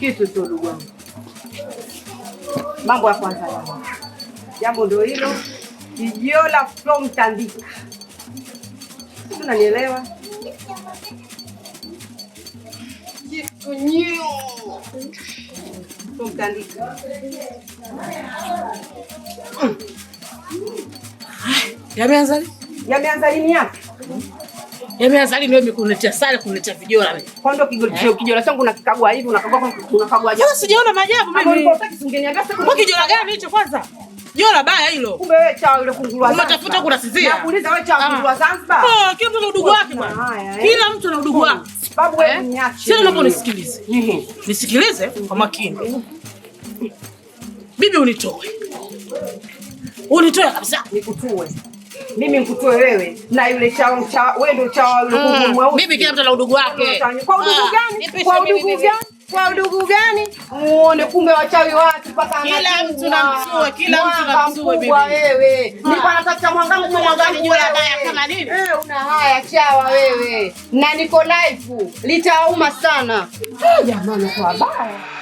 kitu tu ndugu wangu, mambo ya kwanza ya jambo ndio hilo Kijola from Tandika, unanielewa? Kitu new from Tandika. Yameanza yameanza lini yapi? Yaani Azali ndio imekuletea sare, kuniletea vijola mimi. Kwa ndio eh? kijola kijola changu nakikagua hivi unakagua kwa unakagua ajabu. Sasa sijaona majabu mimi. Kwa kijola gani hicho kwanza? Jola baya hilo. Kumbe wewe cha yule kunguru wa Zanzibar. Umetafuta kunasizia. Nakuuliza wewe cha ah. kunguru wa Zanzibar. Oh, kila mtu na udugu wake bwana. Eh? Kila mtu na udugu wake. Babu wewe eh? niache. Sasa unapo nisikilize. Nisikilize kwa makini. Bibi unitoe. Unitoe kabisa. Nikutoe mimi nikutoe wewe na yule chao cha wewe ndio chao yule mm. kungu mweusi. Mimi kila mtu udugu wake. Kwa udugu ah, gani? Kwa udugu gani? Kwa udugu gani? Muone kumbe wachawi watu mpaka ana kila mtu namsue, kila mtu namsue bibi. Wewe ah. niko natafuta mwangangu kwa mwangangu yule haya kama nini? Eh, una haya chawa wewe. Na niko live litauma sana. Ah, jamani kwa baya.